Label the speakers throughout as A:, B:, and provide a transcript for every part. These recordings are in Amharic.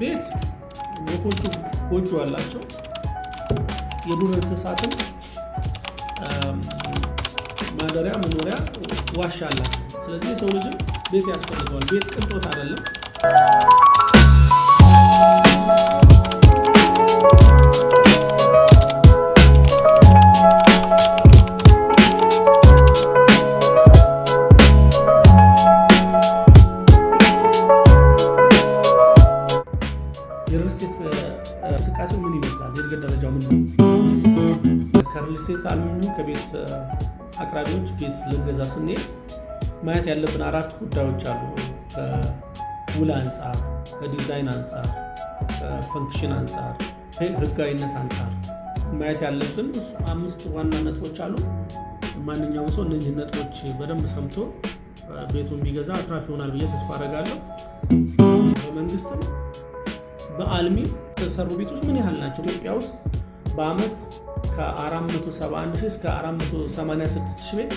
A: ቤት ወፎቹ ጎጆ አላቸው። የዱር እንስሳትን ማደሪያ መኖሪያ ዋሻ አላቸው። ስለዚህ የሰው ልጅም ቤት ያስፈልገዋል። ቤት ቅንጦት አይደለም። ከሪልስቴት አልሚኙ ከቤት አቅራቢዎች ቤት ልንገዛ ስንሄድ ማየት ያለብን አራት ጉዳዮች አሉ። ከውል አንጻር፣ ከዲዛይን አንጻር፣ ከፈንክሽን አንጻር፣ ህጋዊነት አንጻር ማየት ያለብን አምስት ዋና ነጥቦች አሉ። ማንኛውም ሰው እነዚህ ነጥቦች በደንብ ሰምቶ ቤቱን ቢገዛ አትራፊ ይሆናል ብዬ ተስፋ አደርጋለሁ። በመንግስትም በአልሚ የተሰሩ ቤቶች ምን ያህል ናቸው ኢትዮጵያ ውስጥ በአመት ከ471 እስከ 486 ቤት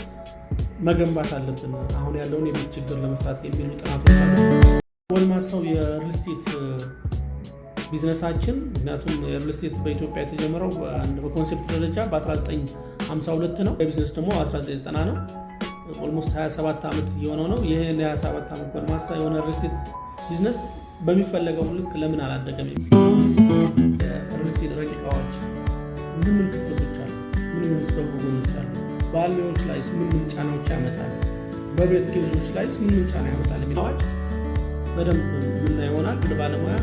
A: መገንባት አለብን አሁን ያለውን የቤት ችግር ለመፍታት የሚሉ ጥናቶች አሉ። ጎልማሳው የሪል ቢዝነሳችን ምክንያቱም የሪል በኢትዮጵያ የተጀመረው በኮንሴፕት ደረጃ በ1952 ነው። የቢዝነስ ደግሞ 1990 ነው። ኦልሞስት 27 ዓመት የሆነው ነው። ይህ 27 ዓመት ጎልማሳ የሆነ ሪል ቢዝነስ በሚፈለገው ልክ ለምን አላደገም? የሪልስቴት ረቂቃዎች ምን ምን ክፍተቶች አሉ? ምን ምን ስበጎጎኖች አሉ? በአልሚዎች ላይ ምን ምን ጫናዎች ያመጣል? በቤት ጌዞች ላይ ምን ምን ጫና ያመጣል? የሚለዋጭ በደንብ ምና ይሆናል። ግን ባለሙያ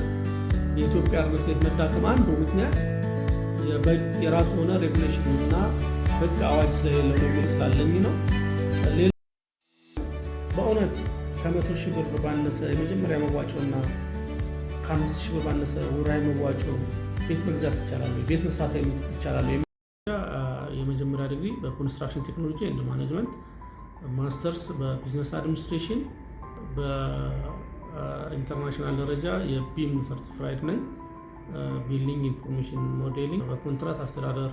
A: የኢትዮጵያ ሪልስቴት መዳከም አንዱ ምክንያት የራሱ የሆነ ሬጉሌሽን እና ህግ አዋጅ ስለሌለው ነገር ስላለኝ ነው። በእውነት ከመቶ ሺህ ብር ባነሰ የመጀመሪያ መዋጮና ከአምስት ሺህ በባነሰ ወርሃዊ መዋጮ ቤት መግዛት ይቻላል፣ ቤት መስራት ይቻላል። የመጀመሪያ ዲግሪ በኮንስትራክሽን ቴክኖሎጂ ኤንድ ማኔጅመንት፣ ማስተርስ በቢዝነስ አድሚኒስትሬሽን፣ በኢንተርናሽናል ደረጃ የቢም ሰርቲፋይድ ነኝ። ቢልዲንግ ኢንፎርሜሽን ሞዴሊንግ፣ በኮንትራት አስተዳደር፣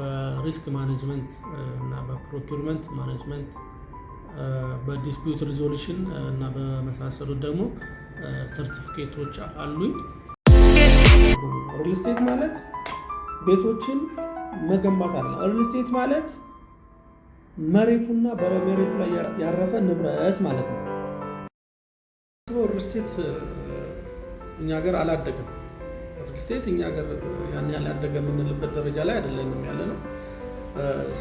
A: በሪስክ ማኔጅመንት እና በፕሮኪርመንት ማኔጅመንት፣ በዲስፒዩት ሪዞሉሽን እና በመሳሰሉት ደግሞ ሰርቲፊኬቶች አሉኝ። ሪልስቴት ማለት ቤቶችን መገንባት አለ። ሪልስቴት ማለት መሬቱና በመሬቱ ላይ ያረፈ ንብረት ማለት ነው። ሪልስቴት እኛ ሀገር አላደገም። ሪልስቴት እኛ ሀገር ያን ያላደገ የምንልበት ደረጃ ላይ አይደለም ያለ ነው።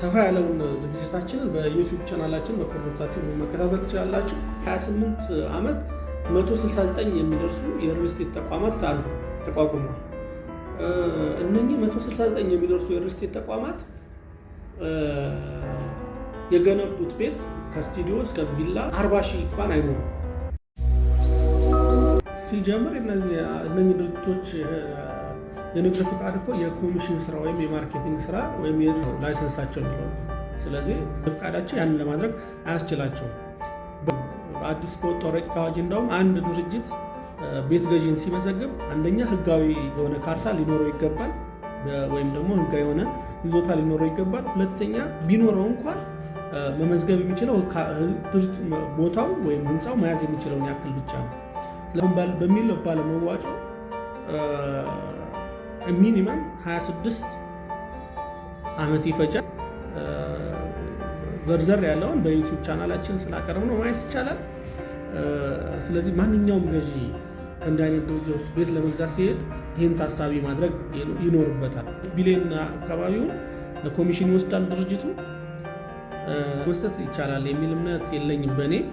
A: ሰፋ ያለውን ዝግጅታችንን በዩቲዩብ ቻናላችን በኮንታክት መከታተል ትችላላችሁ። 28 ዓመት 169 የሚደርሱ የሪል ተቋማት አሉ ተቋቁመዋል። እነኚህ 169 የሚደርሱ የሪል ተቋማት የገነቡት ቤት ከስቱዲዮ እስከ ቪላ 40 ሺህ እንኳን አይሞሉም። ሲጀምር እነኚህ ድርጅቶች የንግድ ፍቃድ እኮ የኮሚሽን ስራ ወይም የማርኬቲንግ ስራ ወይም ላይሰንሳቸው የሚሆ ስለዚህ ፍቃዳቸው ያንን ለማድረግ አያስችላቸውም። አዲስ በወጣው ረቂቅ አዋጅ እንደውም አንድ ድርጅት ቤት ገዥን ሲመዘግብ አንደኛ ህጋዊ የሆነ ካርታ ሊኖረው ይገባል ወይም ደግሞ ህጋዊ የሆነ ይዞታ ሊኖረው ይገባል። ሁለተኛ ቢኖረው እንኳን መመዝገብ የሚችለው ቦታው ወይም ህንፃው መያዝ የሚችለውን ያክል ብቻ ነው። በሚል ባለ ሚኒማም 26 ዓመት ይፈጃል። ዘርዘር ያለውን በዩቱብ ቻናላችን ስላቀረብ ነው ማየት ይቻላል። ስለዚህ ማንኛውም ገዢ ከእንዲህ አይነት ድርጅቶች ቤት ለመግዛት ሲሄድ ይህን ታሳቢ ማድረግ ይኖርበታል። ቢሌን አካባቢውን ለኮሚሽን ይወስዳል ድርጅቱ መስጠት ይቻላል የሚል እምነት የለኝም በእኔ